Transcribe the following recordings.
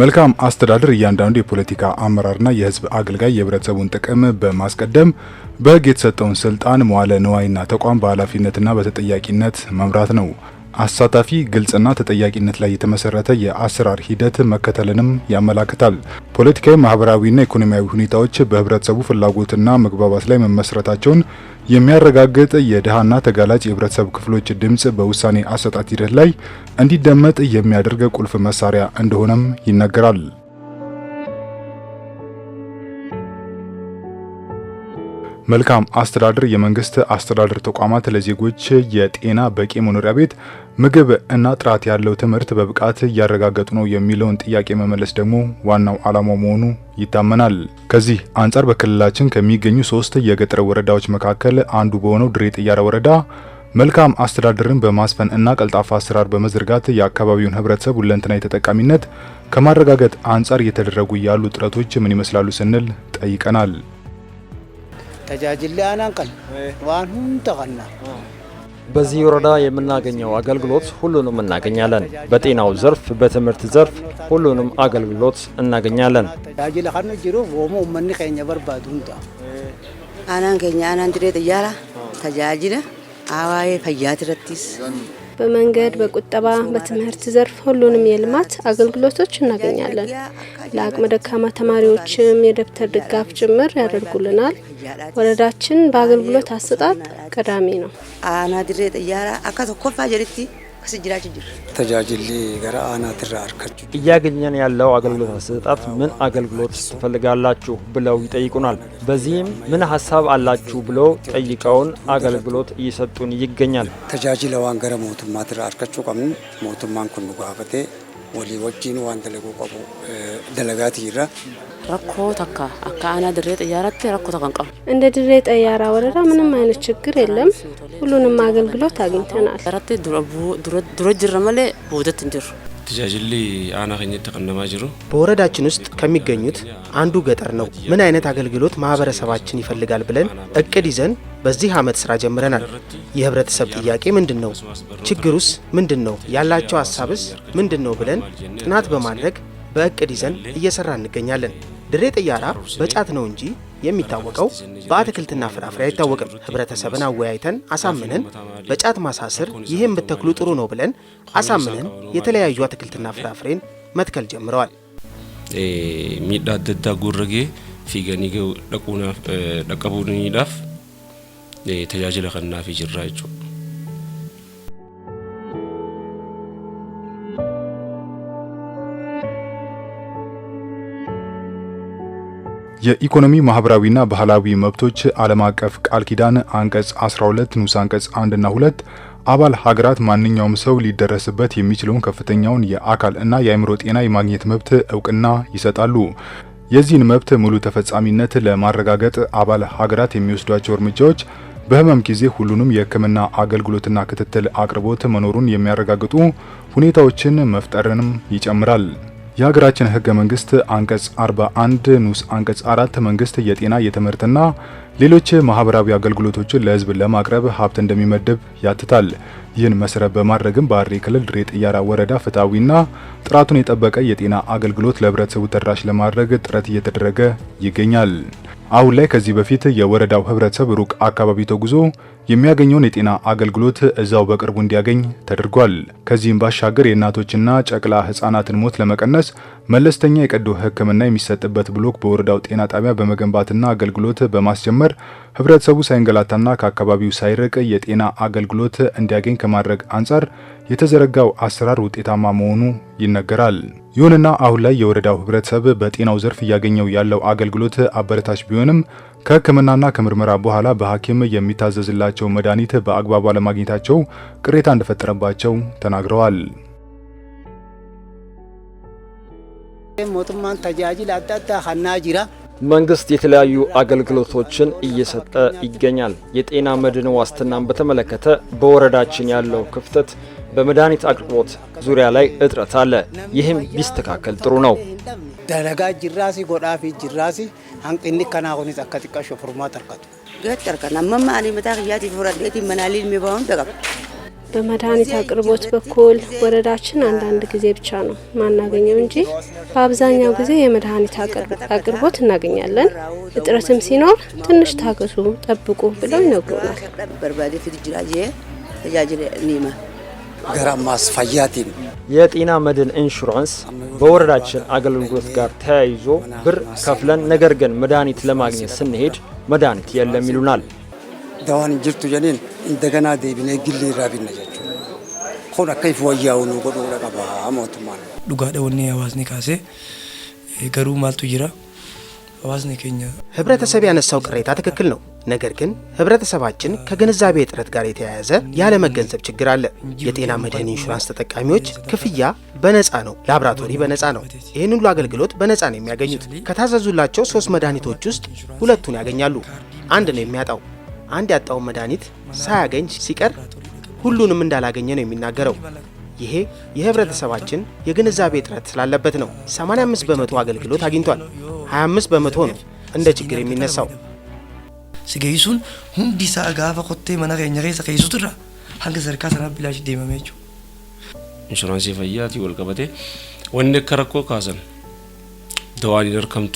መልካም አስተዳደር እያንዳንዱ የፖለቲካ አመራርና የህዝብ አገልጋይ የህብረተሰቡን ጥቅም በማስቀደም በህግ የተሰጠውን ስልጣን መዋለ ንዋይና ተቋም በኃላፊነትና በተጠያቂነት መምራት ነው። አሳታፊ ግልጽና ተጠያቂነት ላይ የተመሰረተ የአሰራር ሂደት መከተልንም ያመላክታል። ፖለቲካዊ፣ ማህበራዊና ኢኮኖሚያዊ ሁኔታዎች በህብረተሰቡ ፍላጎትና መግባባት ላይ መመስረታቸውን የሚያረጋግጥ የድሃና ተጋላጭ የህብረተሰብ ክፍሎች ድምጽ በውሳኔ አሰጣት ሂደት ላይ እንዲደመጥ የሚያደርግ ቁልፍ መሳሪያ እንደሆነም ይነገራል። መልካም አስተዳደር የመንግስት አስተዳደር ተቋማት ለዜጎች የጤና፣ በቂ መኖሪያ ቤት ምግብ እና ጥራት ያለው ትምህርት በብቃት እያረጋገጡ ነው የሚለውን ጥያቄ መመለስ ደግሞ ዋናው ዓላማው መሆኑ ይታመናል። ከዚህ አንጻር በክልላችን ከሚገኙ ሶስት የገጠር ወረዳዎች መካከል አንዱ በሆነው ድሬ ጥያራ ወረዳ መልካም አስተዳደርን በማስፈን እና ቀልጣፋ አሰራር በመዘርጋት የአካባቢውን ህብረተሰብ ሁለንተናዊ ተጠቃሚነት ከማረጋገጥ አንጻር እየተደረጉ ያሉ ጥረቶች ምን ይመስላሉ ስንል ጠይቀናል። ተጃጅል በዚህ ወረዳ የምናገኘው አገልግሎት ሁሉንም እናገኛለን። በጤናው ዘርፍ፣ በትምህርት ዘርፍ ሁሉንም አገልግሎት እናገኛለን። አናን ኬኛ አናን ድሬ ጥያላ ተጃጅለ አዋዬ ፈያድረቲስ በመንገድ በቁጠባ በትምህርት ዘርፍ ሁሉንም የልማት አገልግሎቶች እናገኛለን። ለአቅመ ደካማ ተማሪዎችም የደብተር ድጋፍ ጭምር ያደርጉልናል። ወረዳችን በአገልግሎት አሰጣጥ ቀዳሚ ነው። አናድሬ ጥያራ አካቶ ኮፋ ጀሪቲ ተጃጅሌ ገራ አናትራ እያገኘን ያለው አገልግሎት መሰጣት ምን አገልግሎት ትፈልጋላችሁ ብለው ይጠይቁናል። በዚህም ምን ሀሳብ አላችሁ ብሎ ጠይቀውን አገልግሎት እየሰጡን ይገኛል። ተጃጅለዋን ገረ ሞቱማ ትራ አርከች ቀምን ሞቱማን ኩኑ ጋፈቴ ወሊ ወጂን ዋን ደለጉ ቀቡ ደለጋት ይራ ረኮ ተካ አካ አና ድሬ ጠያራት ረኮ ተቀንቀ እንደ ድሬ ጠያራ ወረዳ ምንም አይነት ችግር የለም። ሁሉንም አገልግሎት አግኝተናል። ድሮ ጅረ መሌ ውደት እንጅሩ ትጃጅሊ አና ኸኝ ተቀነማ ጅሩ በወረዳችን ውስጥ ከሚገኙት አንዱ ገጠር ነው። ምን አይነት አገልግሎት ማህበረሰባችን ይፈልጋል ብለን እቅድ ይዘን በዚህ አመት ስራ ጀምረናል። የህብረተሰብ ጥያቄ ምንድን ነው? ችግሩስ ምንድን ነው? ያላቸው ሀሳብስ ምንድን ነው? ብለን ጥናት በማድረግ በእቅድ ይዘን እየሰራ እንገኛለን። ድሬ ጥያራ በጫት ነው እንጂ የሚታወቀው በአትክልትና ፍራፍሬ አይታወቅም። ህብረተሰብን አወያይተን አሳምነን በጫት ማሳስር ይህም ብተክሉ ጥሩ ነው ብለን አሳምነን የተለያዩ አትክልትና ፍራፍሬን መትከል ጀምረዋል። ሚዳ አደዳ ጉርጌ ፊገኒ ደቀቡኒዳፍ ተጃጅለ ከናፊ ጅራ የኢኮኖሚ ማህበራዊና ባህላዊ መብቶች ዓለም አቀፍ ቃል ኪዳን አንቀጽ 12 ንዑስ አንቀጽ 1 እና 2 አባል ሀገራት ማንኛውም ሰው ሊደረስበት የሚችለውን ከፍተኛውን የአካል እና የአእምሮ ጤና የማግኘት መብት እውቅና ይሰጣሉ። የዚህን መብት ሙሉ ተፈጻሚነት ለማረጋገጥ አባል ሀገራት የሚወስዷቸው እርምጃዎች በህመም ጊዜ ሁሉንም የህክምና አገልግሎትና ክትትል አቅርቦት መኖሩን የሚያረጋግጡ ሁኔታዎችን መፍጠርንም ይጨምራል። የሀገራችን ህገ መንግስት አንቀጽ 41 ንዑስ አንቀጽ 4 መንግስት የጤና የትምህርትና ሌሎች ማህበራዊ አገልግሎቶችን ለህዝብ ለማቅረብ ሀብት እንደሚመድብ ያትታል። ይህን መሰረት በማድረግም ሐረሪ ክልል ድሬ ጥያራ ወረዳ ፍትሐዊና ጥራቱን የጠበቀ የጤና አገልግሎት ለህብረተሰቡ ተደራሽ ለማድረግ ጥረት እየተደረገ ይገኛል። አሁን ላይ ከዚህ በፊት የወረዳው ህብረተሰብ ሩቅ አካባቢ ተጉዞ የሚያገኘውን የጤና አገልግሎት እዛው በቅርቡ እንዲያገኝ ተደርጓል። ከዚህም ባሻገር የእናቶችና ጨቅላ ህጻናትን ሞት ለመቀነስ መለስተኛ የቀዶ ሕክምና የሚሰጥበት ብሎክ በወረዳው ጤና ጣቢያ በመገንባትና አገልግሎት በማስጀመር ህብረተሰቡ ሳይንገላታና ከአካባቢው ሳይርቅ የጤና አገልግሎት እንዲያገኝ ከማድረግ አንጻር የተዘረጋው አሰራር ውጤታማ መሆኑ ይነገራል። ይሁንና አሁን ላይ የወረዳው ህብረተሰብ በጤናው ዘርፍ እያገኘው ያለው አገልግሎት አበረታች ቢሆንም ከህክምናና ከምርመራ በኋላ በሐኪም የሚታዘዝላቸው መድኃኒት በአግባቡ አለማግኘታቸው ቅሬታ እንደፈጠረባቸው ተናግረዋል። ሞቱማን ተጃጅል አጣጣ ሀና ጅራ መንግስት የተለያዩ አገልግሎቶችን እየሰጠ ይገኛል። የጤና መድን ዋስትናን በተመለከተ በወረዳችን ያለው ክፍተት በመድኃኒት አቅርቦት ዙሪያ ላይ እጥረት አለ። ይህም ቢስተካከል ጥሩ ነው። ደረጋ ጅራሲ ጎዳፊ ጅራሲ አንቅኒ ከናሁን ጸከጥቀ ሾፍርማ ተርከቱ በመድኃኒት አቅርቦት በኩል ወረዳችን አንዳንድ ጊዜ ብቻ ነው ማናገኘው እንጂ በአብዛኛው ጊዜ የመድኃኒት አቅርቦት እናገኛለን። እጥረትም ሲኖር ትንሽ ታገሱ፣ ጠብቁ ብለው ይነግሩናል። ገራማስ ፋያቲን የጤና መድን ኢንሹራንስ በወረዳችን አገልግሎት ጋር ተያይዞ ብር ከፍለን ነገር ግን መድኃኒት ለማግኘት ስንሄድ መድኃኒት የለም ይሉናል። ዳዋን እንጅርቱ ጀኔን እንደገና ደቢነ ግል ራቢነ ጀቹ ኮን አከይፍ ወያውኑ ጎዶ ቀባ ሞትማ ዱጋደ ወኔ ዋዝኔ ካሴ ገሩ ማልቱ ጅራ ህብረተሰብ ያነሳው ቅሬታ ትክክል ነው። ነገር ግን ህብረተሰባችን ከግንዛቤ እጥረት ጋር የተያያዘ ያለመገንዘብ ችግር አለ። የጤና መድህን ኢንሹራንስ ተጠቃሚዎች ክፍያ በነፃ ነው፣ ላብራቶሪ በነፃ ነው። ይህን ሁሉ አገልግሎት በነፃ ነው የሚያገኙት። ከታዘዙላቸው ሶስት መድኃኒቶች ውስጥ ሁለቱን ያገኛሉ። አንድ ነው የሚያጣው። አንድ ያጣውን መድኃኒት ሳያገኝ ሲቀር ሁሉንም እንዳላገኘ ነው የሚናገረው። ይሄ የህብረተሰባችን የግንዛቤ እጥረት ስላለበት ነው። 85 በመቶ አገልግሎት አግኝቷል። 25 በመቶ ነው እንደ ችግር የሚነሳው። ሲገይሱን ሁንዲሳ ጋፈ ኮቴ መናገኛ ኛ ሬሳ ከይሱትራ ሀንገ ዘርካ ሰና ቢላሽ ዴመሜ ጁ ኢንሹራንሲ ፈያቲ ወልቀበቴ ወኔ ከረኮ ካሰን ደዋኒ ደርከምቱ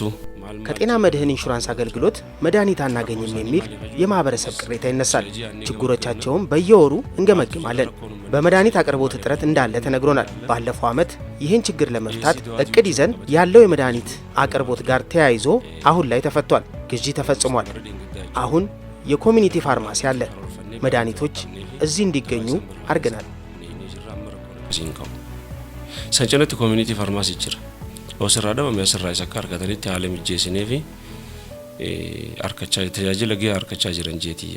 ከጤና መድህን ኢንሹራንስ አገልግሎት መድኃኒት አናገኝም የሚል የማህበረሰብ ቅሬታ ይነሳል። ችግሮቻቸውም በየወሩ እንገመግማለን። በመድኃኒት አቅርቦት እጥረት እንዳለ ተነግሮናል። ባለፈው ዓመት ይህን ችግር ለመፍታት እቅድ ይዘን ያለው የመድኃኒት አቅርቦት ጋር ተያይዞ አሁን ላይ ተፈቷል። ግዢ ተፈጽሟል። አሁን የኮሚኒቲ ፋርማሲ አለ። መድኃኒቶች እዚህ እንዲገኙ አድርገናል። ሰንጨነት ኮሚኒቲ ፋርማሲ ይችላል osirraa dhabame asirraa isa akka argatanitti haala mijeessinee fi arkachaa tajaajila ga'aa arkachaa jiran jeetii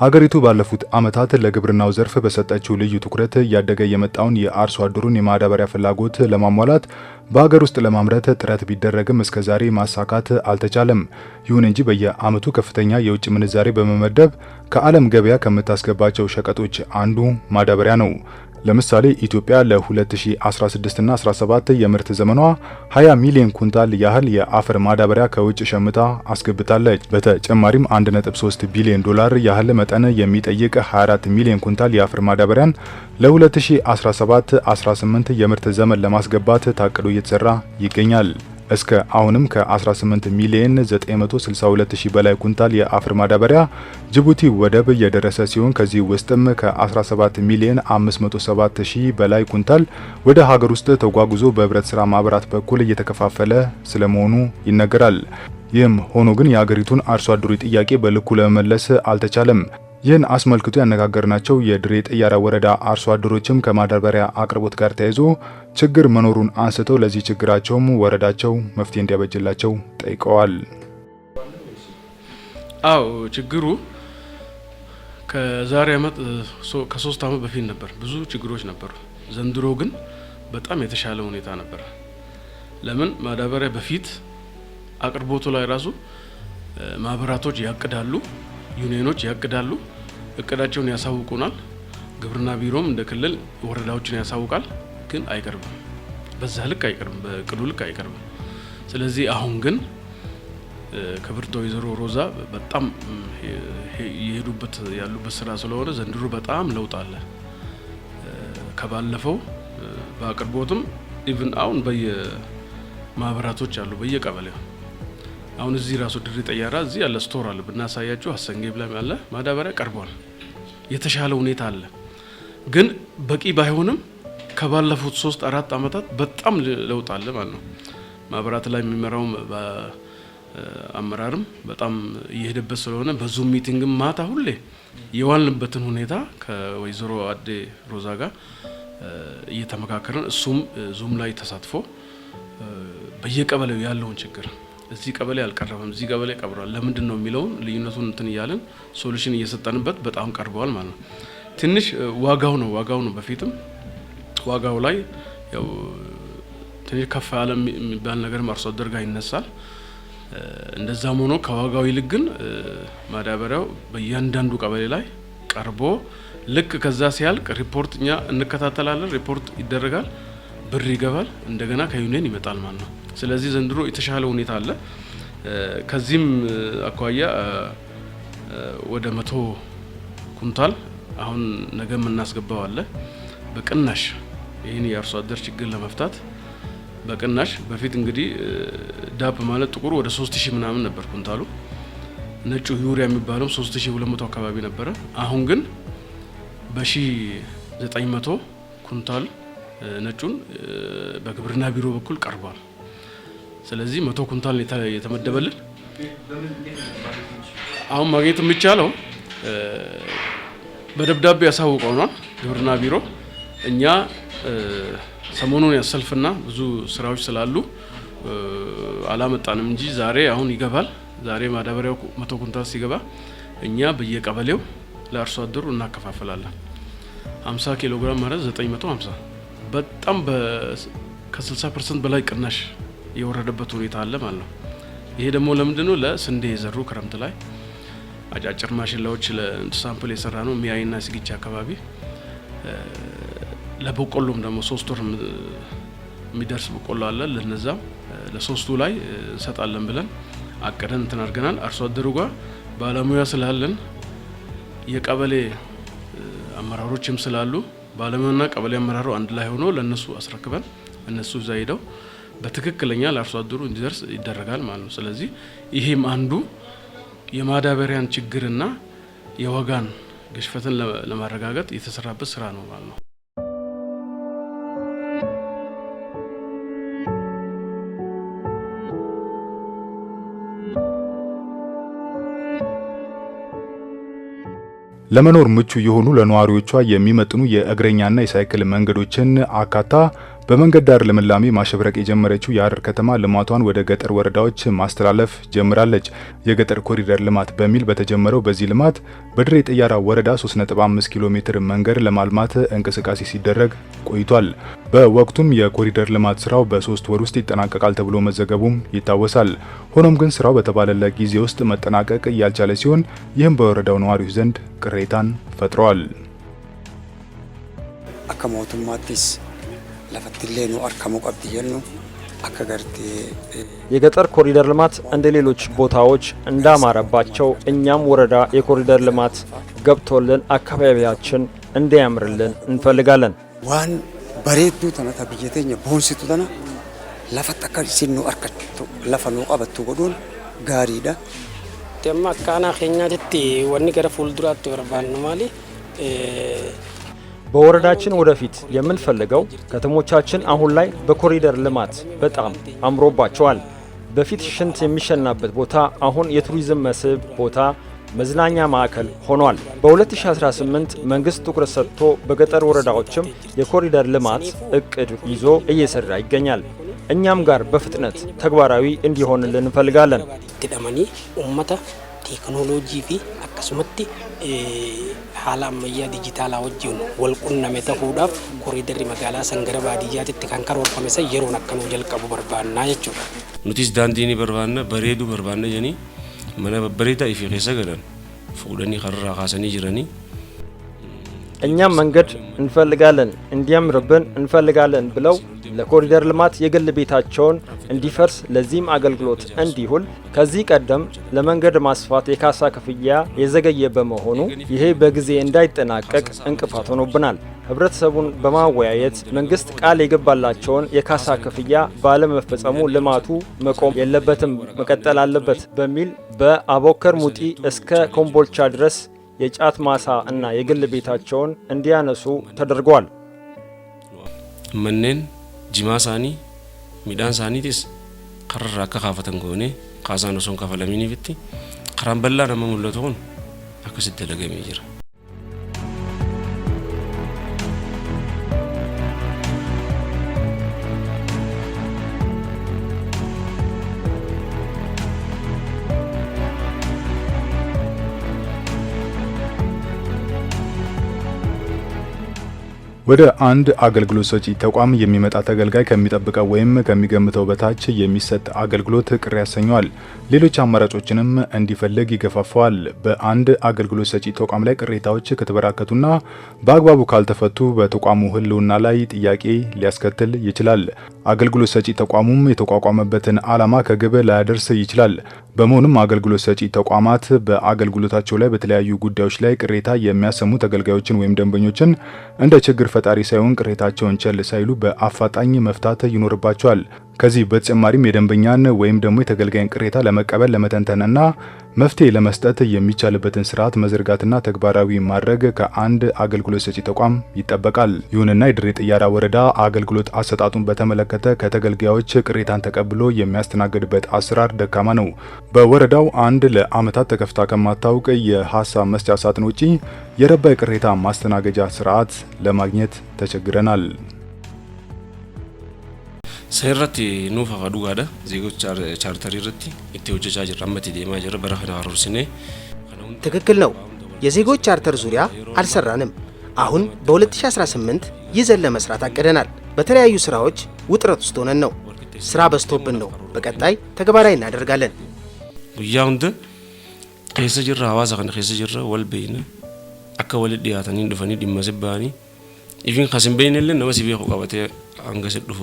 ሀገሪቱ ባለፉት ዓመታት ለግብርናው ዘርፍ በሰጠችው ልዩ ትኩረት እያደገ የመጣውን የአርሶ አደሩን የማዳበሪያ ፍላጎት ለማሟላት በሀገር ውስጥ ለማምረት ጥረት ቢደረግም እስከዛሬ ማሳካት አልተቻለም። ይሁን እንጂ በየዓመቱ ከፍተኛ የውጭ ምንዛሬ በመመደብ ከዓለም ገበያ ከምታስገባቸው ሸቀጦች አንዱ ማዳበሪያ ነው። ለምሳሌ ኢትዮጵያ ለ2016 እና 17 የምርት ዘመኗ 20 ሚሊዮን ኩንታል ያህል የአፈር ማዳበሪያ ከውጭ ሸምታ አስገብታለች። በተጨማሪም 1.3 ቢሊዮን ዶላር ያህል መጠን የሚጠይቅ 24 ሚሊዮን ኩንታል የአፈር ማዳበሪያን ለ2017 18 የምርት ዘመን ለማስገባት ታቅዶ እየተሰራ ይገኛል። እስከ አሁንም ከ18 ሚሊዮን 962 ሺህ በላይ ኩንታል የአፈር ማዳበሪያ ጅቡቲ ወደብ የደረሰ ሲሆን ከዚህ ውስጥም ከ17 ሚሊዮን 507 ሺህ በላይ ኩንታል ወደ ሀገር ውስጥ ተጓጉዞ በህብረት ስራ ማህበራት በኩል እየተከፋፈለ ስለመሆኑ ይነገራል። ይህም ሆኖ ግን የሀገሪቱን አርሶ አደሩ ጥያቄ በልኩ ለመመለስ አልተቻለም። ይህን አስመልክቶ ያነጋገርናቸው የድሬ ጠያራ ወረዳ አርሶ አደሮችም ከማዳበሪያ አቅርቦት ጋር ተያይዞ ችግር መኖሩን አንስተው ለዚህ ችግራቸውም ወረዳቸው መፍትሄ እንዲያበጅላቸው ጠይቀዋል። አው ችግሩ ከዛሬ ዓመት ከሶስት ዓመት በፊት ነበር ብዙ ችግሮች ነበሩ። ዘንድሮ ግን በጣም የተሻለ ሁኔታ ነበር። ለምን ማዳበሪያ በፊት አቅርቦቱ ላይ ራሱ ማህበራቶች ያቅዳሉ፣ ዩኒየኖች ያቅዳሉ እቅዳቸውን ያሳውቁናል። ግብርና ቢሮም እንደ ክልል ወረዳዎችን ያሳውቃል። ግን አይቀርብም፣ በዛ ልክ አይቀርብም፣ በእቅዱ ልክ አይቀርብም። ስለዚህ አሁን ግን ክብርት ወይዘሮ ሮዛ በጣም የሄዱበት ያሉበት ስራ ስለሆነ ዘንድሮ በጣም ለውጥ አለ ከባለፈው በአቅርቦትም ኢቭን አሁን በየማህበራቶች አሉ በየቀበሌው አሁን እዚህ ራሱ ድሪ ጠያራ እዚህ ያለ ስቶር አለ ብናሳያችሁ፣ አሰንጌ ብላ ያለ ማዳበሪያ ቀርቧል። የተሻለ ሁኔታ አለ፣ ግን በቂ ባይሆንም ከባለፉት ሶስት አራት አመታት በጣም ለውጥ አለ ማለት ነው። ማብራት ላይ የሚመራው አመራርም በጣም እየሄደበት ስለሆነ በዙም ሚቲንግም ማታ ሁሌ የዋልንበትን ሁኔታ ከወይዘሮ አዴ ሮዛ ጋር እየተመካከርን እሱም ዙም ላይ ተሳትፎ በየቀበሌው ያለውን ችግር እዚህ ቀበሌ አልቀረበም፣ እዚህ ቀበሌ ቀብረዋል፣ ለምንድን ነው የሚለውን ልዩነቱን እንትን እያለን ሶሉሽን እየሰጠንበት በጣም ቀርበዋል ማለት ነው። ትንሽ ዋጋው ነው ዋጋው ነው በፊትም ዋጋው ላይ ያው ትንሽ ከፍ ያለ የሚባል ነገር አርሶ አደር ጋር ይነሳል። እንደዛም ሆኖ ከዋጋው ይልቅ ግን ማዳበሪያው በእያንዳንዱ ቀበሌ ላይ ቀርቦ ልክ ከዛ ሲያልቅ ሪፖርት እኛ እንከታተላለን። ሪፖርት ይደረጋል፣ ብር ይገባል፣ እንደገና ከዩኒየን ይመጣል ማለት ነው። ስለዚህ ዘንድሮ የተሻለ ሁኔታ አለ። ከዚህም አኳያ ወደ መቶ ኩንታል አሁን ነገ የምናስገባው አለ በቅናሽ ይህን የአርሶ አደር ችግር ለመፍታት በቅናሽ በፊት እንግዲህ ዳፕ ማለት ጥቁሩ ወደ 3000 ምናምን ነበር ኩንታሉ፣ ነጩ ዩሪያ የሚባለው 3200 አካባቢ ነበረ። አሁን ግን በ1900 ኩንታል ነጩን በግብርና ቢሮ በኩል ቀርቧል። ስለዚህ መቶ ኩንታል የተመደበልን አሁን ማግኘት የሚቻለው በደብዳቤ ያሳውቀውናል ግብርና ቢሮ። እኛ ሰሞኑን ያሰልፍና ብዙ ስራዎች ስላሉ አላመጣንም እንጂ ዛሬ አሁን ይገባል። ዛሬ ማዳበሪያው መቶ ኩንታል ሲገባ እኛ በየቀበሌው ለአርሶ አደሩ እናከፋፈላለን። 50 ኪሎ ግራም ማለት 950 በጣም ከ60 ፐርሰንት በላይ ቅናሽ የወረደበት ሁኔታ አለ ማለት ነው። ይሄ ደግሞ ለምንድን ነው? ለስንዴ የዘሩ ክረምት ላይ አጫጭር ማሽላዎች ለሳምፕል የሰራ ነው ሚያይና ሲግቺ አካባቢ። ለበቆሎም ደግሞ ሶስት ወር የሚደርስ በቆሎ አለ። ለነዛም ለሶስቱ ላይ እንሰጣለን ብለን አቅደን እንትን አድርገናል። አርሶ አደሩ ጋር ባለሙያ ስላለን የቀበሌ አመራሮችም ስላሉ ባለሙያና ቀበሌ አመራሩ አንድ ላይ ሆኖ ለእነሱ አስረክበን እነሱ እዛ ሄደው በትክክለኛ ለአርሶ አደሩ እንዲደርስ ይደረጋል ማለት ነው። ስለዚህ ይሄም አንዱ የማዳበሪያን ችግርና የዋጋን ግሽፈትን ለማረጋገጥ የተሰራበት ስራ ነው ማለት ነው። ለመኖር ምቹ የሆኑ ለነዋሪዎቿ የሚመጥኑ የእግረኛና የሳይክል መንገዶችን አካታ በመንገድ ዳር ልምላሜ ማሸብረቅ የጀመረችው የሐረር ከተማ ልማቷን ወደ ገጠር ወረዳዎች ማስተላለፍ ጀምራለች። የገጠር ኮሪደር ልማት በሚል በተጀመረው በዚህ ልማት በድሬ ጠያራ ወረዳ 3.5 ኪሎ ሜትር መንገድ ለማልማት እንቅስቃሴ ሲደረግ ቆይቷል። በወቅቱም የኮሪደር ልማት ስራው በሶስት ወር ውስጥ ይጠናቀቃል ተብሎ መዘገቡም ይታወሳል። ሆኖም ግን ስራው በተባለለ ጊዜ ውስጥ መጠናቀቅ እያልቻለ ሲሆን ይህም በወረዳው ነዋሪዎች ዘንድ ቅሬታን ፈጥረዋል። አከሞቱማቲስ ለፈትሌ ነው አርከሙ ቀብትየን ነው የገጠር ኮሪደር ልማት እንደ ሌሎች ቦታዎች እንዳማረባቸው እኛም ወረዳ የኮሪደር ልማት ገብቶልን አካባቢያችን እንዲያምርልን እንፈልጋለን። ዋን በሬቱ ተነተ ብየተኛ በሆንሲቱ ተና ለፈጠቀ ሲኑ አርከቱ ለፈኑ ቀበቱ ጎዶን ጋሪደ ደማ አካና ትቲ ወኒ ፉልዱራት ወርባን ማሊ በወረዳችን ወደፊት የምንፈልገው ከተሞቻችን አሁን ላይ በኮሪደር ልማት በጣም አምሮባቸዋል። በፊት ሽንት የሚሸናበት ቦታ አሁን የቱሪዝም መስህብ ቦታ መዝናኛ ማዕከል ሆኗል። በ2018 መንግስት ትኩረት ሰጥቶ በገጠር ወረዳዎችም የኮሪደር ልማት እቅድ ይዞ እየሰራ ይገኛል። እኛም ጋር በፍጥነት ተግባራዊ እንዲሆንልን እንፈልጋለን። ቴክኖሎጂ akkasumatti haala ammayyaa dijitaalaa wajjin wal qunname ta'uudhaaf koriidarri magaalaa san gara baadiyyaatitti kan karoorfame san yeroon akka nuu jalqabu barbaannaa jechuudha. Nutis daandii ni barbaanna bareeduu barbaanna jenii mana babbareedaa ifi keessa galan fuudhanii karraa kaasanii jiranii እኛም መንገድ እንፈልጋለን እንዲያምርብን እንፈልጋለን ብለው ለኮሪደር ልማት የግል ቤታቸውን እንዲፈርስ ለዚህም አገልግሎት እንዲውል ከዚህ ቀደም ለመንገድ ማስፋት የካሳ ክፍያ የዘገየ በመሆኑ ይሄ በጊዜ እንዳይጠናቀቅ እንቅፋት ሆኖብናል። ህብረተሰቡን በማወያየት መንግስት ቃል የገባላቸውን የካሳ ክፍያ ባለመፈጸሙ ልማቱ መቆም የለበትም፣ መቀጠል አለበት በሚል በአቦከር ሙጢ እስከ ኮምቦልቻ ድረስ የጫት ማሳ እና የግል ቤታቸውን እንዲያነሱ ተደርጓል። ምንን jimaa isaanii midhaan isaaniitis kararraa akka kaafatan goonee kaasaan osoo hin kafalaminiifitti karaan bal'aa nama mul'atu kun akkasitti lagamee jira. ወደ አንድ አገልግሎት ሰጪ ተቋም የሚመጣ ተገልጋይ ከሚጠብቀው ወይም ከሚገምተው በታች የሚሰጥ አገልግሎት ቅር ያሰኘዋል፣ ሌሎች አማራጮችንም እንዲፈልግ ይገፋፈዋል። በአንድ አገልግሎት ሰጪ ተቋም ላይ ቅሬታዎች ከተበራከቱና በአግባቡ ካልተፈቱ በተቋሙ ሕልውና ላይ ጥያቄ ሊያስከትል ይችላል። አገልግሎት ሰጪ ተቋሙም የተቋቋመበትን ዓላማ ከግብ ላያደርስ ይችላል። በመሆኑም አገልግሎት ሰጪ ተቋማት በአገልግሎታቸው ላይ በተለያዩ ጉዳዮች ላይ ቅሬታ የሚያሰሙ ተገልጋዮችን ወይም ደንበኞችን እንደ ችግር ፈጣሪ ሳይሆን ቅሬታቸውን ቸል ሳይሉ በአፋጣኝ መፍታት ይኖርባቸዋል። ከዚህ በተጨማሪም የደንበኛን ወይም ደግሞ የተገልጋይን ቅሬታ ለመቀበል ለመተንተንና መፍትሄ ለመስጠት የሚቻልበትን ስርዓት መዘርጋትና ተግባራዊ ማድረግ ከአንድ አገልግሎት ሰጪ ተቋም ይጠበቃል። ይሁንና የድሬ ጥያራ ወረዳ አገልግሎት አሰጣጡን በተመለከተ ከተገልጋዮች ቅሬታን ተቀብሎ የሚያስተናግድበት አሰራር ደካማ ነው። በወረዳው አንድ ለአመታት ተከፍታ ከማታውቅ የሀሳብ መስጫ ሳጥን ውጪ የረባ የቅሬታ ማስተናገጃ ስርዓት ለማግኘት ተቸግረናል። Sai irratti nuuf hafa dhugaadha. ዜጎች ቻርተሪ irratti itti hojjechaa jirra. Ammatti deemaa jirra. Bara kana haroorsinee ትክክል ነው። የዜጎች ቻርተር ዙሪያ አልሰራንም። አሁን በ2018 ይዘን ለመስራት አቅደናል። በተለያዩ ስራዎች ውጥረት ውስጥ ሆነን ነው። ስራ በዝቶብን ነው። በቀጣይ ተግባራዊ እናደርጋለን። ጉያ ሁንድ ጅራ ሀዋሳ ከነ ኬሰ ጅራ ወልቤይነ አከ ወልድ ዲያተኒ ዱፈኒ ዲመ ኢቪን ከሲምቤይንልን ነመ ቀበቴ አንገሴ ዱፉ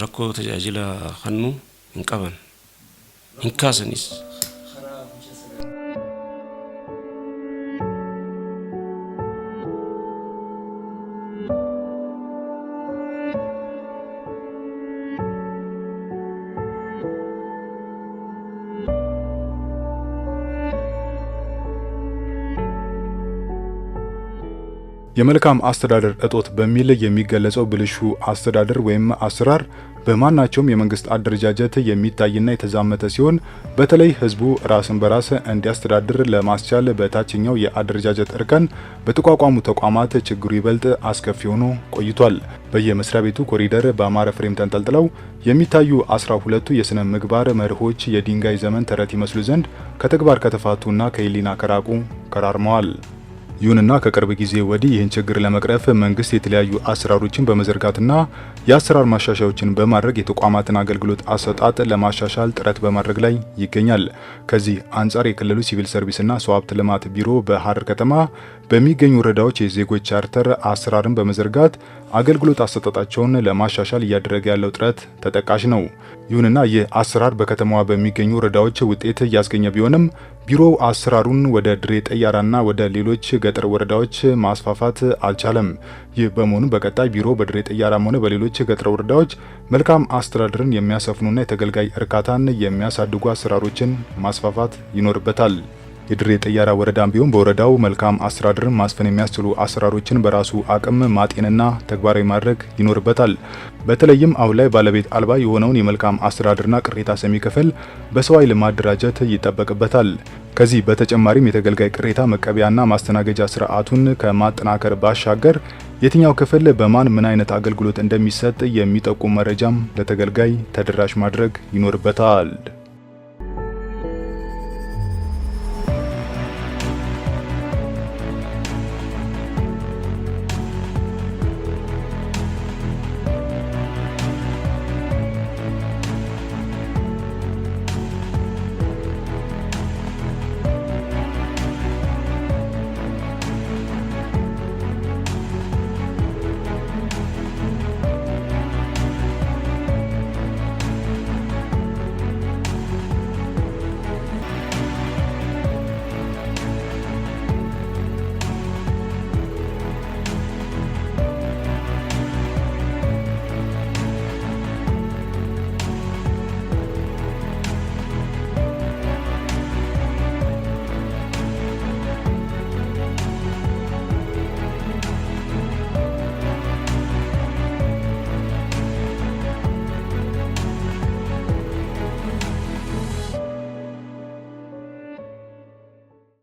rakkoo tajaajila hannuu hin qaban hin kaasanis የመልካም አስተዳደር እጦት በሚል የሚገለጸው ብልሹ አስተዳደር ወይም አሰራር በማናቸውም የመንግስት አደረጃጀት የሚታይና የተዛመተ ሲሆን በተለይ ህዝቡ ራስን በራስ እንዲያስተዳድር ለማስቻል በታችኛው የአደረጃጀት እርከን በተቋቋሙ ተቋማት ችግሩ ይበልጥ አስከፊ ሆኖ ቆይቷል። በየመስሪያ ቤቱ ኮሪደር በአማረ ፍሬም ተንጠልጥለው የሚታዩ አስራ ሁለቱ የስነ ምግባር መርሆች የድንጋይ ዘመን ተረት ይመስሉ ዘንድ ከተግባር ከተፋቱና ከህሊና ከራቁ ከራርመዋል። ይሁንና ከቅርብ ጊዜ ወዲህ ይህን ችግር ለመቅረፍ መንግስት የተለያዩ አሰራሮችን በመዘርጋትና የአሰራር ማሻሻያዎችን በማድረግ የተቋማትን አገልግሎት አሰጣጥ ለማሻሻል ጥረት በማድረግ ላይ ይገኛል። ከዚህ አንጻር የክልሉ ሲቪል ሰርቪስና ሰው ሀብት ልማት ቢሮ በሐረር ከተማ በሚገኙ ወረዳዎች የዜጎች ቻርተር አሰራርን በመዘርጋት አገልግሎት አሰጣጣቸውን ለማሻሻል እያደረገ ያለው ጥረት ተጠቃሽ ነው። ይሁንና ይህ አሰራር በከተማዋ በሚገኙ ወረዳዎች ውጤት እያስገኘ ቢሆንም ቢሮው አሰራሩን ወደ ድሬ ጠያራና ወደ ሌሎች ገጠር ወረዳዎች ማስፋፋት አልቻለም። ይህ በመሆኑ በቀጣይ ቢሮ በድሬ ጠያራም ሆነ በሌሎች ሌሎች የገጠር ወረዳዎች መልካም አስተዳደርን የሚያሰፍኑና የተገልጋይ እርካታን የሚያሳድጉ አሰራሮችን ማስፋፋት ይኖርበታል። የድሬ ጠያራ ወረዳም ቢሆን በወረዳው መልካም አስተዳደርን ማስፈን የሚያስችሉ አሰራሮችን በራሱ አቅም ማጤንና ተግባራዊ ማድረግ ይኖርበታል። በተለይም አሁን ላይ ባለቤት አልባ የሆነውን የመልካም አስተዳደርና ቅሬታ ሰሚ ክፍል በሰው ኃይል ማደራጀት ይጠበቅበታል። ከዚህ በተጨማሪም የተገልጋይ ቅሬታ መቀበያና ማስተናገጃ ስርዓቱን ከማጠናከር ባሻገር የትኛው ክፍል በማን ምን አይነት አገልግሎት እንደሚሰጥ የሚጠቁም መረጃም ለተገልጋይ ተደራሽ ማድረግ ይኖርበታል።